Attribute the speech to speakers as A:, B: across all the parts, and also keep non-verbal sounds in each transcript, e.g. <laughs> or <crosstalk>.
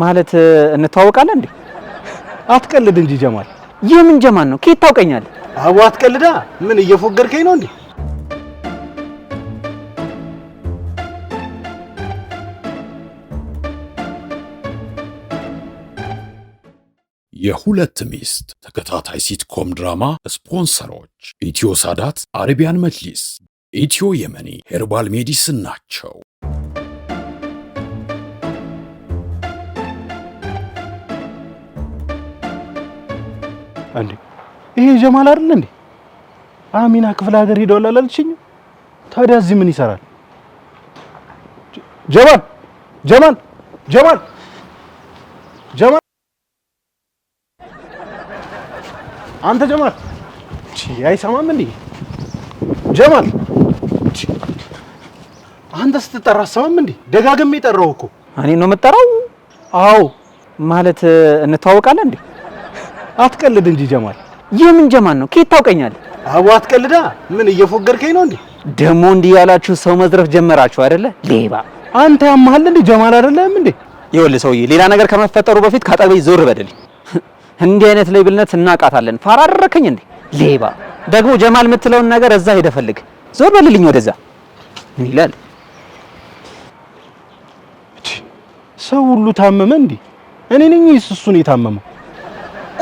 A: ማለት እንተዋወቃለን እንዴ? አትቀልድ እንጂ ጀማል። ምን ጀማል ነው? ከየት
B: ታውቀኛል? አዎ አትቀልዳ። ምን እየፎገርከኝ ነው እንዴ? የሁለት ሚስት ተከታታይ ሲትኮም ድራማ ስፖንሰሮች ኢትዮ ሳዳት፣ አረቢያን መጅሊስ፣ ኢትዮ የመኒ፣ ሄርባል ሜዲስን ናቸው። እንዴ ይሄ ጀማል አይደል እንዴ? አሚና ክፍለ ሀገር ሄደዋል አላለችኝም? ታዲያ እዚህ ምን ይሰራል? ጀማል ጀማል ጀማል ጀማል አንተ ጀማል አይሰማም እንዴ? ጀማል አንተ ስትጠራ አሰማም እንዴ? ደጋግሜ ጠራው እኮ እኔ ነው የምጠራው? አዎ ማለት እንተዋወቃለን እንዴ? አትቀልድ እንጂ ጀማል። ይህ
A: ምን ጀማል ነው? ከየት ታውቀኛለህ? አቡ አትቀልዳ። ምን እየፎገርከኝ ነው እንዴ? ደግሞ እንዲህ ያላችሁ ሰው መዝረፍ ጀመራችሁ አይደለ? ሌባ አንተ ያማሃል እንዴ? ጀማል አይደለም እንዴ? ይኸውልህ ሰውዬ፣ ሌላ ነገር ከመፈጠሩ በፊት ካጠገቤ ዞር በደል። እንዲህ አይነት ሌብልነት እናቃታለን። ፋራረከኝ እንዴ? ሌባ ደግሞ ጀማል የምትለውን ነገር እዛ ሄደህ ፈልግ። ዞር በልልኝ ወደዛ።
B: ምን ይላል ሰው ሁሉ ታመመ እንዴ? እኔ ነኝ እሱን የታመመው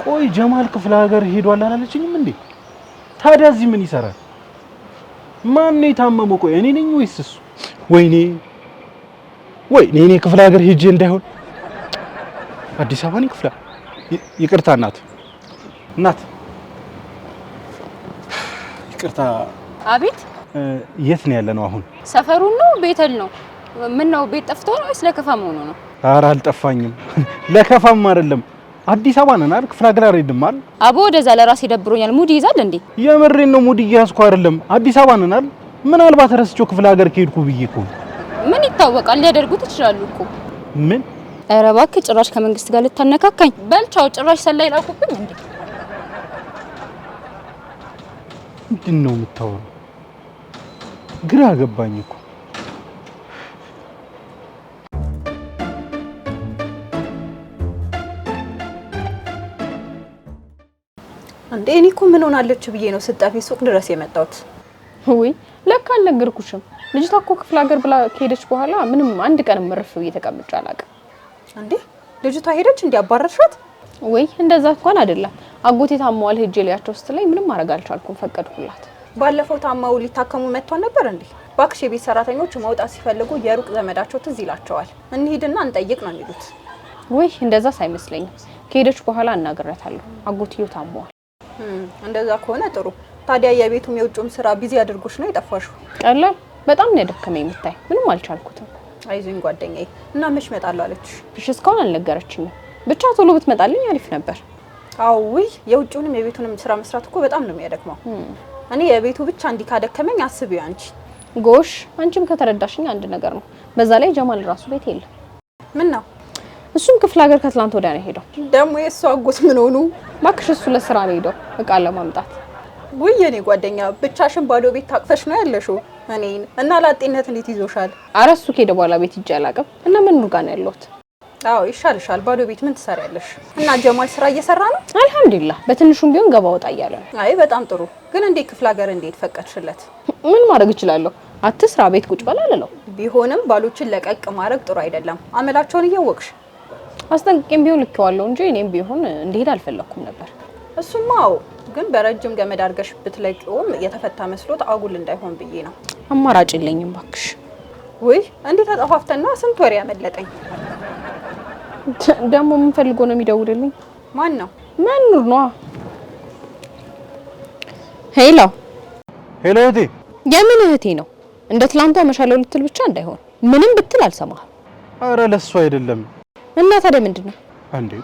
B: ቆይ ጀማል ክፍለ ሀገር ሄዷል አላለችኝም እንዴ? ታዲያ እዚህ ምን ይሰራል? ማን ነው የታመመው? ቆይ እኔ ነኝ ወይስ እሱ? ወይኔ ወይኔ፣ እኔ ክፍለ ሀገር ሄጄ እንዳይሆን አዲስ አበባ ነኝ። ክፍለ ይቅርታ፣ እናት እናት፣ ይቅርታ። አቤት። የት ነው ያለነው? አሁን?
C: ሰፈሩን ነው ቤተል ነው? ምን ነው ቤት ጠፍቶ ነው ወይስ ለከፋም ሆኖ ነው?
B: ኧረ አልጠፋኝም፣ ለከፋም አይደለም አዲስ አበባ ነን አይደል? ክፍለ ሀገር አልሄድም አይደል?
C: አቦ ወደዛ ለራሴ ደብሮኛል። ሙድ ይይዛል እንዴ?
B: የምሬን ነው። ሙድ እየያዝኩ አይደለም። አዲስ አበባ ነን አይደል? ምናልባት ረስቼው ክፍለ ሀገር ከሄድኩ ብዬ እኮ
C: ምን ይታወቃል? ሊያደርጉት ይችላሉ እኮ ምን። ኧረ እባክህ ጭራሽ ከመንግስት ጋር ልታነካካኝ። በልቻው ጭራሽ ሰላይ ላኩብኝ እንዴ?
B: ምንድን ነው የምታወራው? ግራ ገባኝ
C: እኮ እንዴ እኔ እኮ ምን ሆናለች ብዬ ነው ስጠፊ ሱቅ ድረስ የመጣሁት። ውይ ለካ አልነገርኩሽም። ልጅቷ እኮ ክፍለ ሀገር ብላ ከሄደች በኋላ ምንም አንድ ቀን ምርፍ ብዬ ተቀምጬ አላውቅም። እንዴ ልጅቷ ሄደች እንዲ አባረርሻት? ወይ እንደዛ እንኳን አይደለም። አጎቴ ታመዋል ሄጄ ሊያቸው ስትለኝ ምንም ማድረግ አልቻልኩም፣ ፈቀድኩላት። ባለፈው ታማው ሊታከሙ መጥቷል ነበር እንዴ? ባክሽ የቤት ሰራተኞች መውጣት ሲፈልጉ የሩቅ ዘመዳቸው ትዝ ይላቸዋል። እንሂድና እንጠይቅ ነው የሚሉት። ወይ እንደዛ አይመስለኝም። ከሄደች በኋላ እናገራታለሁ። አጎትዮ ታመዋል። እንደዛ ከሆነ ጥሩ። ታዲያ የቤቱም የውጭም ስራ ቢዚ አድርጎች ነው የጠፋሹ? ቀላል በጣም ነው የደከመኝ። የምታይ ምንም አልቻልኩትም። አይዞኝ ጓደኛዬ። እና መች እመጣለሁ አለች? እሺ እስካሁን አልነገረችኝም። ብቻ ቶሎ ብትመጣልኝ አሪፍ ነበር። አዊ የውጭውንም የቤቱንም ስራ መስራት እኮ በጣም ነው የሚያደክመው። እኔ የቤቱ ብቻ እንዲህ ካደከመኝ አስብ አንቺ። ጎሽ አንቺም ከተረዳሽኝ አንድ ነገር ነው። በዛ ላይ ጀማል ራሱ ቤት የለም። ምን ነው እሱም ክፍለ ሀገር ከትላንት ወዲያ ነው ሄደው። ደግሞ የእሱ አጎት ምን ሆኑ? እባክሽ እሱ ለስራ ነው ሄደው እቃ ለማምጣት። ውይ የኔ ጓደኛ ብቻሽን ባዶ ቤት ታቅፈሽ ነው ያለሽው እኔን እና ላጤነት እንዴት ይዞሻል? አረ እሱ ከሄደ በኋላ ቤት ሂጅ አላውቅም። እና ምን ጋር ነው ያለሁት? አዎ ይሻልሻል። ባዶ ቤት ምን ትሰሪያለሽ? እና ጀማል ስራ እየሰራ ነው? አልሐምዱሊላህ በትንሹም ቢሆን ገባ ወጣ እያለ ነው። አይ በጣም ጥሩ። ግን እንዴት ክፍለ ሀገር እንዴት ፈቀድሽለት? ምን ማድረግ እችላለሁ? አትስራ ቤት ቁጭ በል አልለው። ቢሆንም ባሎችን ለቀቅ ማድረግ ጥሩ አይደለም። አመላቸውን እያወቅሽ አስጠንቅቄም ቢሆን ልኬዋለሁ እንጂ እኔም ቢሆን እንዲሄድ አልፈለኩም ነበር። እሱማው ግን በረጅም ገመድ አድርገሽ ብትለቂውም የተፈታ መስሎት አጉል እንዳይሆን ብዬ ነው። አማራጭ የለኝም ባክሽ። ውይ እንዴት ተጠፋፍተና ስንት ወሬ ያመለጠኝ። ደግሞ ምን ነው የሚደውልልኝ? ማን ነው? መኑር ነዋ። ሄሎ ሄሎ። እህቴ የምን እህቴ ነው? እንደ ትላንቷ መሻለው ልትል ብቻ እንዳይሆን ምንም ብትል አልሰማህም። አረ ለሱ አይደለም እና ታዲያ ምንድን ነው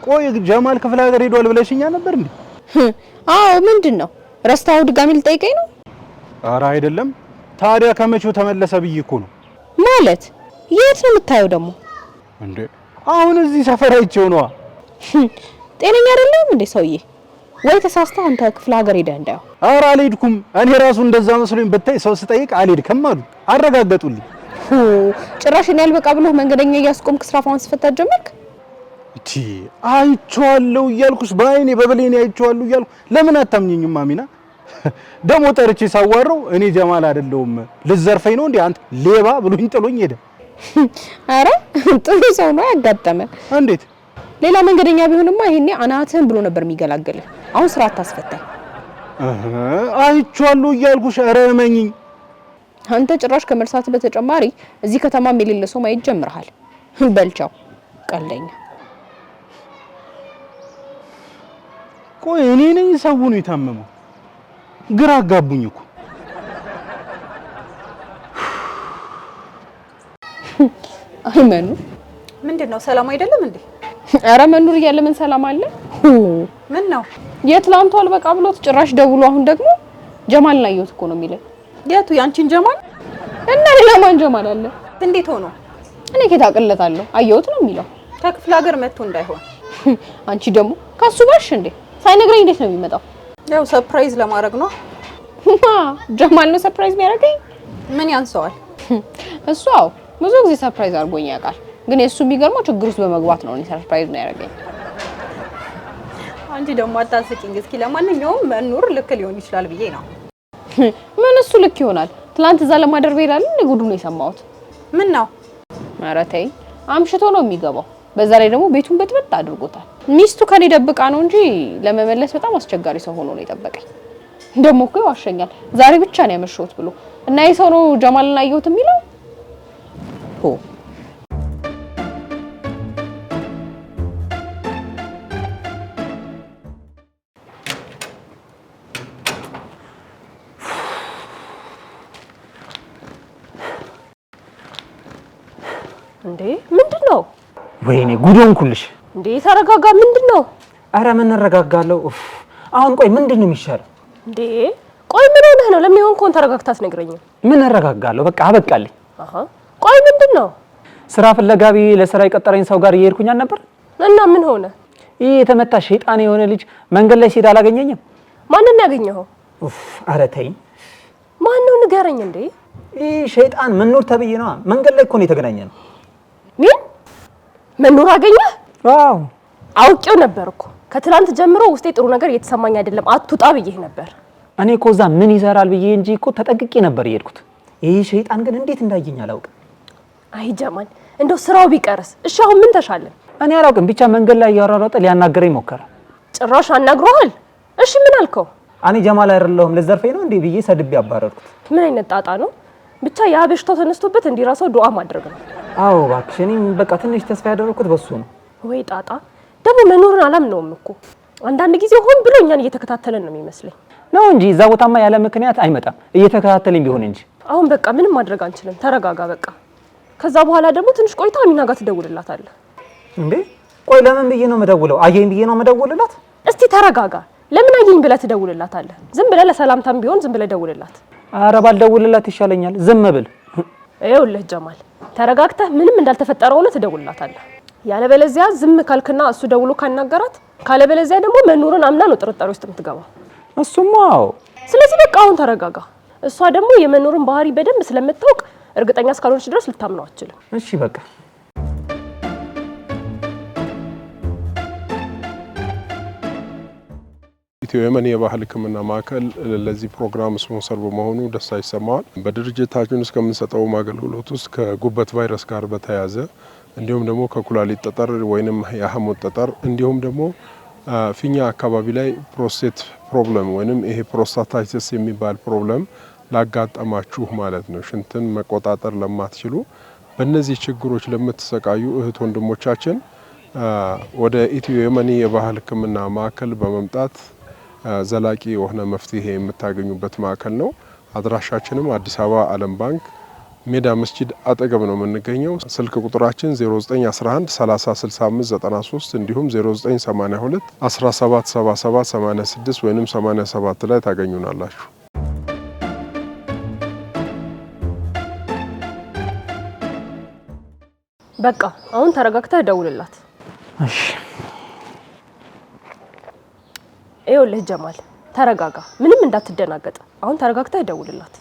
C: ቆይ ጀማል ክፍለ ሀገር ሄዷል ብለሽኛ ነበር እንዴ? አዎ። ምንድን ነው ረስታው? ድጋሚ ልጠይቀኝ ነው?
B: ኧረ አይደለም። ታዲያ ከመቼው ተመለሰ ብዬ እኮ ነው።
C: ማለት የት ነው የምታየው ደግሞ እንዴ? አሁን እዚህ ሰፈር አይቼው ነዋ። ጤነኛ አይደለም እንዴ ሰውዬ? ወይ ተሳስተህ አንተ ክፍለ ሀገር ሄደህ እንዳየው።
B: ኧረ አልሄድኩም። እኔ ራሱ እንደዛ መስሎኝ ብታይ ሰው ስጠይቅ አልሄድክም አሉ
C: አረጋገጡልኝ። ጭራሽ እኔ አልበቃ ብሎ መንገደኛ እያስቆምክ ስራፋውን ስፈታ ጀመርክ። እቺ
B: አይቼዋለሁ እያልኩሽ በአይኔ በብሌኔ
C: አይቼዋለሁ እያልኩ ለምን አታምኝኝም?
B: ማሚና <laughs> ደሞ ጠርቼ ሳዋረው እኔ ጀማል አይደለሁም ልዘርፈኝ ነው እንዴ አንተ
C: ሌባ ብሎኝ ጥሎኝ ሄደ። <laughs> አረ ጥሩ ሰው ነው ያጋጠመ። እንዴት ሌላ መንገደኛ ቢሆንማ ይሄኔ አናትህን ብሎ ነበር የሚገላገልህ። አሁን ስራ አታስፈታኝ። አይቼዋለሁ እያልኩሽ ረመኝኝ አንተ ጭራሽ ከመርሳት በተጨማሪ እዚህ ከተማ የሌለ ሰው ማየት ጀምረሃል። በልቻው ቀለኛ።
B: ቆይ እኔ ነኝ ሰው ነው የታመመው? ግራ አጋቡኝ እኮ
C: አይመኑ። ምንድን ነው ሰላም አይደለም እንዴ? አረ መኑር እያለ ምን ሰላም አለ? ምን ነው የትላንቱ አልበቃ ብሎት ጭራሽ ደውሎ አሁን ደግሞ ጀማል ላየሁት እኮ ነው የሚለኝ የቱ ያንቺን ጀማል እና ሌላ ማን ጀማል አለ? እንዴት ሆኖ? እኔ ኬት አቅለታለሁ አየሁት ነው የሚለው ከክፍለ ሀገር መጥቶ እንዳይሆን። <laughs> አንቺ ደግሞ ከሱ ጋርሽ እንዴ ሳይነግረኝ እንዴት ነው የሚመጣው? ያው ሰርፕራይዝ ለማድረግ ነው። ጀማል ነው ሰርፕራይዝ የሚያደርገኝ። ምን ያንሰዋል <laughs> እሱ? አዎ ብዙ ጊዜ ሰርፕራይዝ አድርጎኝ ያውቃል። ግን የእሱ የሚገርመው ችግር ውስጥ በመግባት ነው። እኔ ሰርፕራይዝ ነው ያደርገኝ። አንቺ ደግሞ አታስቂኝ። እስኪ ለማንኛውም መኖር ልክ ሊሆን ይችላል ብዬ ነው <laughs> ምን እሱ ልክ ይሆናል። ትላንት እዛ ለማደር ብሄዳል ጉዱ ነው የሰማሁት። ምን ነው? ኧረ ተይ አምሽቶ ነው የሚገባው። በዛ ላይ ደግሞ ቤቱን በጥበጥ አድርጎታል። ሚስቱ ከኔ ደብቃ ነው እንጂ ለመመለስ በጣም አስቸጋሪ ሰው ሆኖ ነው የጠበቀኝ። ደግሞ እኮ ይዋሸኛል። ዛሬ ብቻ ነው ያመሸሁት ብሎ እና ይህ ሰው ነው ጀማልን አየሁት የሚለው
D: እንዴ ምንድን ነው?
A: ወይኔ ጉድ ሆንኩልሽ። እንዴ
D: ተረጋጋ። ምንድን ነው?
A: አረ ምን እረጋጋለሁ። አሁን ቆይ ምንድን ነው የሚሻለው?
D: እንዴ ቆይ ምን ሆነህ ነው? ለሚሆን ከሆን ተረጋግታ አትነግረኝም?
A: ምን እረጋጋለሁ? በቃ አበቃልኝ። ቆይ ምንድን ነው? ስራ ፍለጋ ብዬ ለስራ የቀጠረኝ ሰው ጋር እየሄድኩኝ አልነበር? እና ምን ሆነ? ይህ የተመታ ሸይጣን የሆነ ልጅ መንገድ ላይ ሲሄድ አላገኘኝም? ማንን ያገኘኸው? አረ ተይኝ።
D: ማን ነው ንገረኝ። እንዴ
A: ይህ ሸይጣን መኖር ተብዬ ነዋ። መንገድ ላይ እኮ ነው የተገናኘ ነው
D: ምን መኖር አገኘህ? አዎ አውቄው ነበር እኮ ከትላንት ጀምሮ ውስጤ ጥሩ ነገር እየተሰማኝ አይደለም። አትውጣ ብዬህ ነበር።
A: እኔ እኮ እዛ ምን ይሰራል ብዬ እንጂ እኮ ተጠቅቄ ነበር የሄድኩት። ይህ ሸይጣን ግን እንዴት እንዳየኝ አላውቅም።
D: አይ ጀማል፣ እንደው ስራው ቢቀርስ እሺ። አሁን ምን ተሻለን?
A: እኔ አላውቅም። ብቻ መንገድ ላይ እያሯሯጠ ሊያናገረኝ ሞከረ።
D: ጭራሽ አናግሮሃል? እሺ ምን አልከው?
A: እኔ ጀማል አይደለሁም ልዘርፈኝ ነው እንዴ ብዬ ሰድቤ ያባረርኩት።
D: ምን አይነት ጣጣ ነው ብቻ ያ በሽታው ተነስቶበት እንዲራሳው ዱዓ ማድረግ ነው።
A: አዎ እባክሽ፣ እኔም በቃ ትንሽ ተስፋ ያደረኩት በሱ ነው።
D: ወይ ጣጣ ደግሞ መኖርን አላምነውም እኮ አንዳንድ ጊዜ ሆን ብሎ እኛን እየተከታተለን ነው የሚመስለኝ።
A: ነው እንጂ እዛ ቦታማ ያለ ምክንያት አይመጣም፣ እየተከታተለኝ ቢሆን እንጂ።
D: አሁን በቃ ምንም ማድረግ አንችልም። ተረጋጋ በቃ። ከዛ በኋላ ደግሞ ትንሽ ቆይታ አሚና ጋር ትደውልላታለህ። እንዴ ቆይ ለምን ብዬ ነው የምደውለው? አየኝ ብዬ ነው የምደውልላት። እስቲ ተረጋጋ። ለምን አየኝ ብለህ ትደውልላታለህ? ዝም ብለህ ለሰላምታም ቢሆን ዝም ብለህ ደውልላት።
A: ኧረ ባልደውልላት ይሻለኛል ዝም ብል።
D: ይኸውልህ ጀማል ተረጋግተህ ምንም እንዳልተፈጠረ ሆነ ትደውልላታለህ። ያለበለዚያ ዝም ካልክና እሱ ደውሎ ካናገራት፣ ካለበለዚያ ደግሞ መኖሩን አምና ነው ጥርጣሬ ውስጥ የምትገባው። እሱማ አዎ። ስለዚህ በቃ አሁን ተረጋጋ። እሷ ደግሞ የመኖሩን ባህሪ በደንብ ስለምታውቅ እርግጠኛ እስካልሆነች ድረስ ልታምነው አትችልም።
A: እሺ
B: በቃ ኢትዮ የመን የባህል ሕክምና ማዕከል ለዚህ ፕሮግራም ስፖንሰር በመሆኑ ደስታ ይሰማዋል። በድርጅታችን ውስጥ አገልግሎት ውስጥ ከጉበት ቫይረስ ጋር በተያያዘ እንዲሁም ደግሞ ከኩላሊት ጠጠር ወይም የሐሞት ጠጠር እንዲሁም ደግሞ ፊኛ አካባቢ ላይ ፕሮስቴት ፕሮብለም ወይም ይሄ ፕሮስታታይተስ የሚባል ፕሮብለም ላጋጠማችሁ ማለት ነው ሽንትን መቆጣጠር ለማትችሉ በእነዚህ ችግሮች ለምትሰቃዩ እህት ወንድሞቻችን ወደ ኢትዮ የመን የባህል ሕክምና ማዕከል በመምጣት ዘላቂ የሆነ መፍትሄ የምታገኙበት ማዕከል ነው። አድራሻችንም አዲስ አበባ ዓለም ባንክ ሜዳ መስጂድ አጠገብ ነው የምንገኘው። ስልክ ቁጥራችን 0911 እንዲሁም 0982 177786 ወይም 87 ላይ ታገኙናላችሁ።
D: በቃ አሁን ተረጋግተህ ደውልላት። እሺ ይኸውልህ ጀማል ተረጋጋ፣ ምንም እንዳትደናገጥ። አሁን ተረጋግተህ ደውልላት።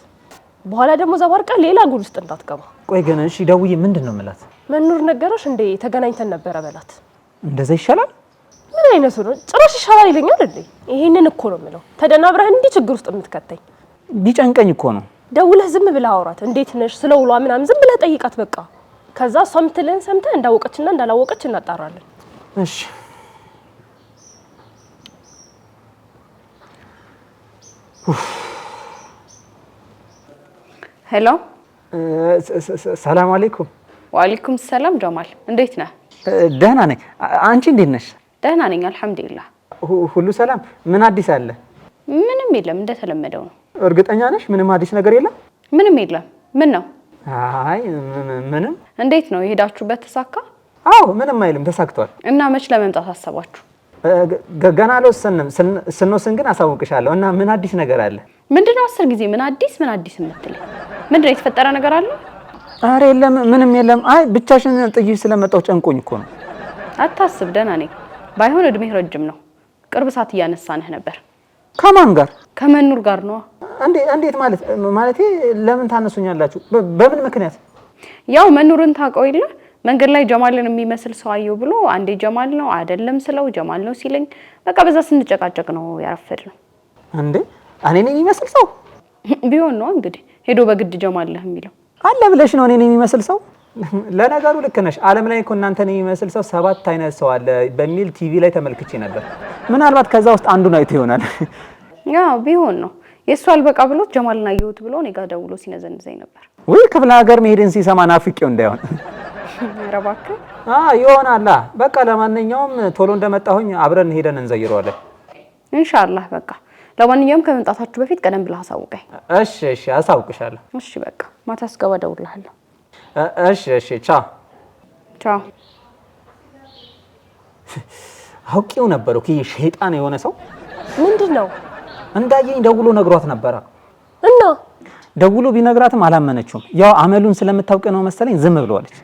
D: በኋላ ደግሞ ዘባርቃ ሌላ ጉድ ውስጥ እንዳትገባ።
A: ቆይ ግን እሺ፣ ደውዬ ምንድን ነው የምላት?
D: መኖር ነገረሽ እንዴ ተገናኝተን ነበረ በላት።
A: እንደዛ ይሻላል።
D: ምን አይነቱ ነው? ጭራሽ ይሻላል ይለኛል እንዴ? ይሄንን እኮ ነው የምለው። ተደናብረህ እንዲህ ችግር ውስጥ የምትከተኝ።
A: ቢጨንቀኝ እኮ ነው
D: ደውለህ ዝም ብለህ አውራት። እንዴት ነሽ ስለ ውሏ ምናምን ዝም ብለህ ጠይቃት በቃ። ከዛ እሷ የምትልህን ሰምተህ እንዳወቀችና እንዳላወቀች እናጣራለን።
A: እሺ ሄሎ፣ ሰላም አለይኩም።
C: ወአለይኩም ሰላም ጀማል፣ እንዴት ነህ?
A: ደህና ነኝ። አንቺ እንዴት ነሽ?
C: ደህና ነኝ አልሐምዱሊላህ።
A: ሁሉ ሰላም። ምን አዲስ አለ?
C: ምንም የለም፣ እንደተለመደው ነው።
A: እርግጠኛ ነሽ? ምንም አዲስ ነገር የለም?
C: ምንም የለም። ምን ነው? አይ ምንም። እንዴት ነው የሄዳችሁበት? ተሳካ?
A: አዎ፣ ምንም አይልም፣ ተሳክቷል።
C: እና መች ለመምጣት አሰባችሁ?
A: ገና አልወሰንም። ስንወስን ግን አሳውቅሻለሁ። እና ምን አዲስ ነገር አለ?
C: ምንድነው? አስር ጊዜ ምን አዲስ ምን አዲስ የምትለኝ? ምንድነው? የተፈጠረ ነገር አለ?
A: አረ የለም፣ ምንም የለም። አይ ብቻሽን ጥዬሽ ስለመጣው ጨንቆኝ እኮ ነው።
C: አታስብ፣ ደህና ነኝ። ባይሆን እድሜህ ረጅም ነው። ቅርብ ሰዓት እያነሳንህ ነበር። ከማን ጋር? ከመኑር ጋር ነዋ። እንዴት ማለት? ማለቴ ለምን ታነሱኛላችሁ? በምን ምክንያት? ያው መኑርን ታውቀው የለ መንገድ ላይ ጀማልን የሚመስል ሰው አየው ብሎ አንዴ ጀማል ነው አይደለም ስለው ጀማል ነው ሲለኝ በቃ በዛ ስንጨቃጨቅ ነው ያረፈድ ነው።
A: እንዴ እኔ
C: የሚመስል ሰው ቢሆን ነው እንግዲህ ሄዶ በግድ ጀማል ነህ የሚለው አለ ብለሽ
A: ነው እኔን የሚመስል ሰው። ለነገሩ ልክ ነሽ። ዓለም ላይ እኮ እናንተን የሚመስል ሰው ሰባት አይነት ሰው አለ በሚል ቲቪ ላይ ተመልክቼ ነበር። ምናልባት ከዛ ውስጥ አንዱን አይቶ ይሆናል።
C: ያው ቢሆን ነው የእሱ አልበቃ ብሎት ጀማልን አየሁት ብሎ እኔ ጋ ደውሎ ሲነዘንዘኝ ነበር።
A: ወይ ክፍለ ሀገር መሄድን ሲሰማ ናፍቄው እንዳይሆን
C: ኧረ እባክህ ይሆናላ። በቃ ለማንኛውም
A: ቶሎ እንደመጣሁኝ አብረን ሄደን እንዘይረዋለን።
C: ኢንሻአላህ። በቃ ለማንኛውም ከመምጣታችሁ በፊት ቀደም ብለህ አሳውቀኝ።
A: እሺ፣ እሺ፣ አሳውቅሻለሁ።
C: እሺ፣ በቃ ማታ ስገባ እደውልልሃለሁ።
A: እሺ፣ እሺ። ቻው፣ ቻው። አውቄው ነበር እኮ ይሄ ሸይጣን የሆነ ሰው። ምንድን ነው እንዳየኝ ደውሎ ነግሯት ነበረ እና ደውሎ ቢነግራትም አላመነችውም። ያው አመሉን ስለምታውቅ ነው መሰለኝ ዝም ብለዋለች።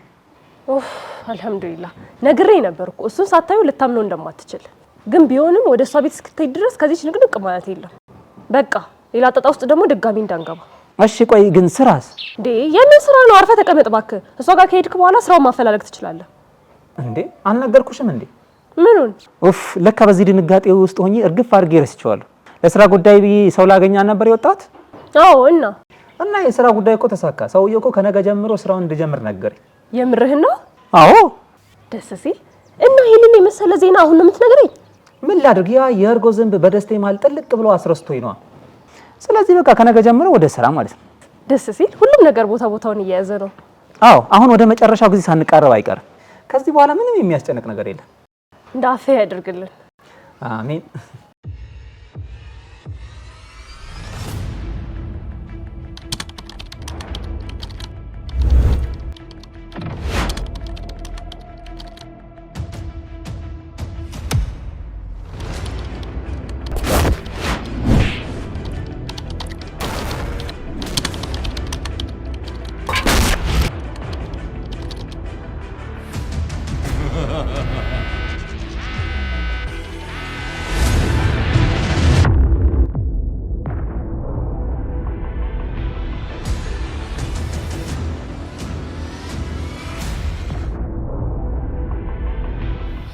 D: አልሐምዱሊላህ ነግሬ ነበር እኮ እሱን ሳታዩ ልታምነው እንደማትችል። ግን ቢሆንም ወደ እሷ ቤት እስክትሄድ ድረስ ከዚች ንቅንቅ ማለት የለም። በቃ ሌላ ጣጣ ውስጥ ደግሞ ድጋሚ እንዳንገባ።
A: እሺ ቆይ ግን ስራስ?
D: እንዴ ያንን ስራ ነው። አርፈህ ተቀመጥ እባክህ። እሷ ጋር ከሄድክ በኋላ ስራውን ማፈላለግ ትችላለህ።
A: እንዴ አልነገርኩሽም እንዴ? ምኑን? ኡፍ ለካ በዚህ ድንጋጤ ውስጥ ሆኜ እርግፍ አድርጌ ረስቼዋለሁ። ለስራ ጉዳይ ብዬ ሰው ላገኛ ነበር የወጣት። አዎ እና እና የስራ ጉዳይ እኮ ተሳካ። ሰውዬው እኮ ከነገ ጀምሮ ስራውን እንድጀምር ነገረኝ። የምርህን ነው? አዎ። ደስ ሲል እና ይህንን የመሰለ ዜና አሁን ነው የምትነግረኝ? ምን ላድርግ፣ ያ የእርጎ ዝንብ በደስቴ መሀል ጥልቅ ብሎ አስረስቶኝ ነዋ። ስለዚህ በቃ ከነገ ጀምሮ ወደ ስራ ማለት ነው።
D: ደስ ሲል ሁሉም ነገር ቦታ ቦታውን እየያዘ ነው።
A: አዎ፣ አሁን ወደ መጨረሻው ጊዜ ሳንቃረብ አይቀርም።
D: ከዚህ በኋላ ምንም የሚያስጨንቅ ነገር የለም። እንደ አፈ ያደርግልን።
A: አሜን።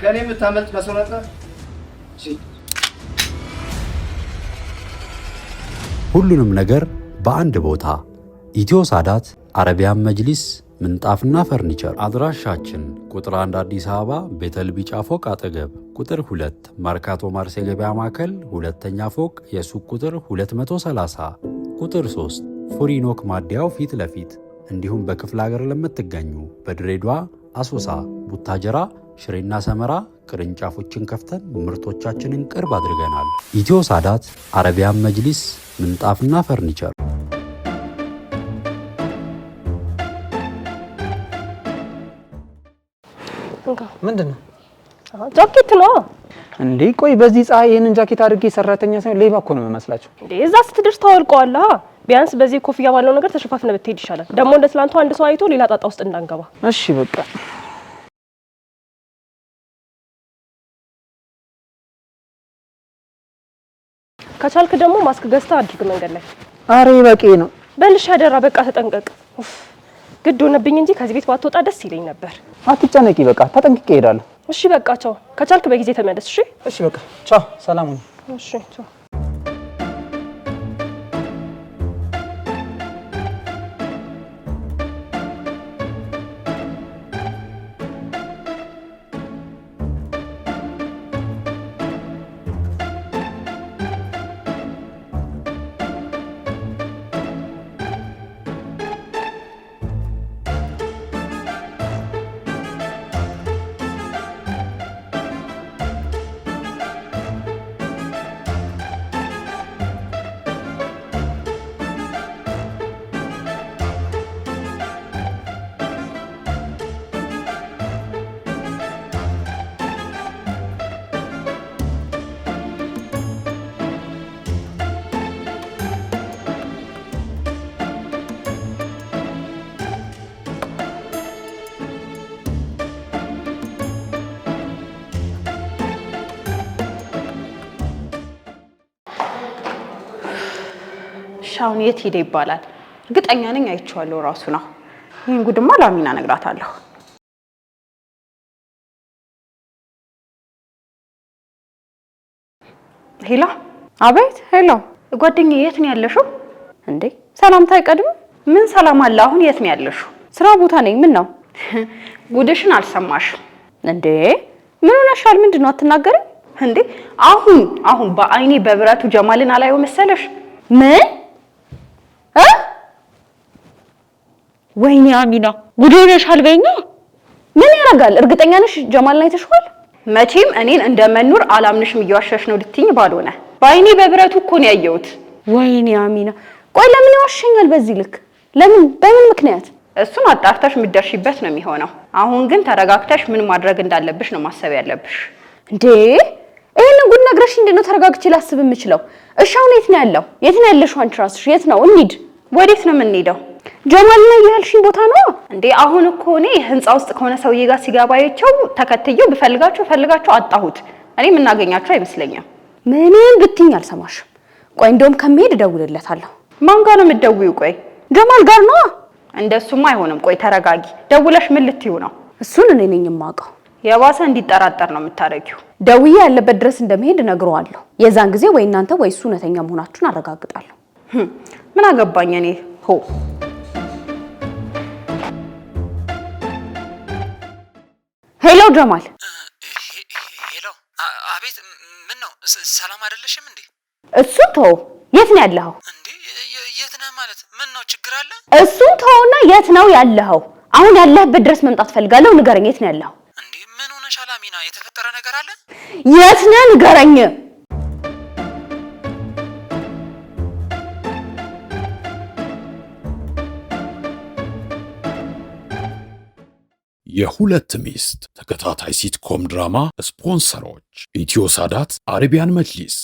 B: ከእኔ የምታመልጥ በሰው ነጣ ሁሉንም ነገር በአንድ ቦታ ኢትዮ ሳዳት አረቢያን መጅሊስ ምንጣፍና ፈርኒቸር። አድራሻችን ቁጥር 1 አዲስ አበባ ቤተል ቢጫ ፎቅ አጠገብ፣ ቁጥር 2 መርካቶ ማርሴ ገበያ ማዕከል ሁለተኛ ፎቅ የሱቅ ቁጥር 230፣ ቁጥር 3 ፉሪኖክ ማዲያው ፊት ለፊት እንዲሁም በክፍለ ሀገር ለምትገኙ በድሬዷ፣ አሶሳ፣ ቡታጀራ ሽሬና ሰመራ ቅርንጫፎችን ከፍተን ምርቶቻችንን ቅርብ አድርገናል። ኢትዮ ሳዳት፣ አረቢያን መጅሊስ፣ ምንጣፍና ፈርኒቸር ምንድን ነው?
D: ጃኬት ነው
A: እንዴ? ቆይ በዚህ ፀሐይ ይህንን ጃኬት አድርጌ ሰራተኛ ሳይሆን ሌባ እኮ ነው የምመስላችሁ።
D: እዛ ስትደርስ ታወልቀዋለ። ቢያንስ በዚህ ኮፍያ ባለው ነገር ተሸፋፍነ ብትሄድ ይሻላል። ደግሞ እንደ ትላንቱ አንድ ሰው አይቶ ሌላ ጣጣ ውስጥ እንዳንገባ። እሺ በቃ ከቻልክ ደግሞ ማስክ ገዝታ አድርግ መንገድ ላይ። አሬ በቂ ነው በልሽ። አደራ በቃ ተጠንቀቅ። ግድ ሆነብኝ እንጂ ከዚህ ቤት ባትወጣ ደስ ይለኝ ነበር።
A: አትጨነቂ፣ በቃ ተጠንቅቄ እሄዳለሁ።
D: እሺ በቃ ቻው። ከቻልክ በጊዜ ተመለስ። እሺ እሺ፣ በቃ ቻው። ሰላም እሺ ቻው
C: አሁን የት ሄደ ይባላል። እርግጠኛ ነኝ አይቼዋለሁ ራሱ ነው።
D: ይህን ጉድማ ላሚና ነግራታለሁ። ሄሎ። አቤት። ሄሎ።
C: ጓደኛዬ የት ነው ያለሽው? እንዴ ሰላምታ አይቀድም? ምን ሰላም አለ? አሁን የት ነው ያለሽው? ስራ ቦታ ነኝ። ምን ነው <laughs> ጉድሽን አልሰማሽም እንዴ? ምን ሆነሻል? ምንድን ነው አትናገርም እንዴ? አሁን አሁን በአይኔ በብረቱ ጀማልን አላየው መሰለሽ? ምን ወይኔ አሚና ጉድ ሆነሻል። በይኛ ምን ያደርጋል? እርግጠኛ ነሽ ጀማልን አይተሽዋል? መቼም እኔን እንደ መኖር አላምንሽም። እየዋሸሽ ነው ልትይኝ ባልሆነ በአይኔ በብረቱ እኮ ነው ያየሁት። ወይኔ አሚና፣ ቆይ ለምን ይዋሸኛል በዚህ ልክ? ለምን በምን ምክንያት? እሱን አጣርተሽ የምትደርሺበት ነው የሚሆነው። አሁን ግን ተረጋግተሽ ምን ማድረግ እንዳለብሽ ነው ማሰብ ያለብሽ። እንዴ ይህንን ጉድ ነግረሽ እንዴት ነው ተረጋግቼ ላስብ የምችለው? እሺ አሁን የት ነው ያለው? የት ነው ያለሽው? አንቺ ራስሽ የት ነው እንሂድ ወዴት ነው የምንሄደው? ጀማል ላይ ያልሽኝ ቦታ ነው እንዴ? አሁን እኮ እኔ ህንፃ ውስጥ ከሆነ ሰውዬ ጋር ሲገባቸው ተከትየው ብፈልጋቸው ፈልጋቸው አጣሁት። እኔ የምናገኛቸው አይመስለኝም። ምንም ብትኝ አልሰማሽም። ቆይ እንደውም ከመሄድ እደውልለታለሁ። ማን ጋር ነው የምትደውይው? ቆይ ጀማል ጋር ነው። እንደሱማ አይሆንም። ቆይ ተረጋጊ። ደውለሽ ምን ልትዩ ነው? እሱን እኔ ነኝ የማውቀው። የባሰ እንዲጠራጠር ነው የምታደርጊው። ደውዬ ያለበት ድረስ እንደመሄድ እነግረዋለሁ። የዛን ጊዜ ወይ እናንተ ወይ እሱ እውነተኛ መሆናችሁን አረጋግጣለሁ። ምን አገባኝ እኔ ሆ ሄሎ ጀማል
A: ሄሎ አቤት ምን ነው ሰላም
C: አይደለሽም እንዴ እሱን ተው የት ነው ያለኸው እንዴ የት ነህ ማለት ምን ነው ችግር አለ እሱን ተውና የት ነው ያለኸው አሁን ያለህበት ድረስ መምጣት ፈልጋለሁ ንገረኝ የት ነው ያለኸው እንዴ ምን ሆነሻል አሚና የተፈጠረ ነገር አለ የት ነህ ንገረኝ
B: የሁለት ሚስት ተከታታይ ሲትኮም ድራማ ስፖንሰሮች ኢትዮ ሳዳት፣ አረቢያን መጅሊስ፣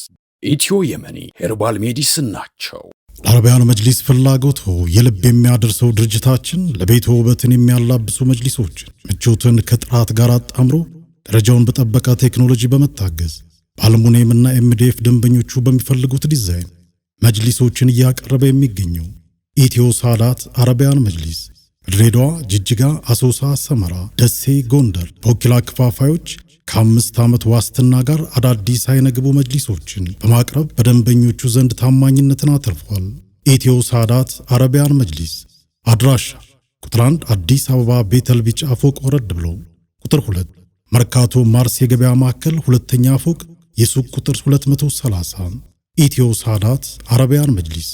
B: ኢትዮ የመኒ ሄርባል ሜዲስን ናቸው። ለአረቢያን መጅሊስ ፍላጎቶ የልብ የሚያደርሰው ድርጅታችን ለቤቶ ውበትን የሚያላብሱ መጅሊሶችን ምቾትን ከጥራት ጋር አጣምሮ ደረጃውን በጠበቀ ቴክኖሎጂ በመታገዝ እና ኤምዲኤፍ ደንበኞቹ በሚፈልጉት ዲዛይን መጅሊሶችን እያቀረበ የሚገኘው ኢትዮ ሳዳት አረቢያን መጅሊስ ድሬዳዋ፣ ጅጅጋ፣ አሶሳ፣ ሰመራ፣ ደሴ፣ ጎንደር በወኪላ ክፋፋዮች ከአምስት ዓመት ዋስትና ጋር አዳዲስ አይነግቡ መጅሊሶችን በማቅረብ በደንበኞቹ ዘንድ ታማኝነትን አትርፏል። ኢትዮ ሳዳት አረቢያን መጅሊስ አድራሻ ቁጥር 1 አዲስ አበባ ቤተል ቢጫ ፎቅ ወረድ ብሎ፣ ቁጥር 2 መርካቶ ማርስ የገበያ ማዕከል ሁለተኛ ፎቅ የሱቅ ቁጥር 230 ኢትዮ ሳዳት አረቢያን መጅሊስ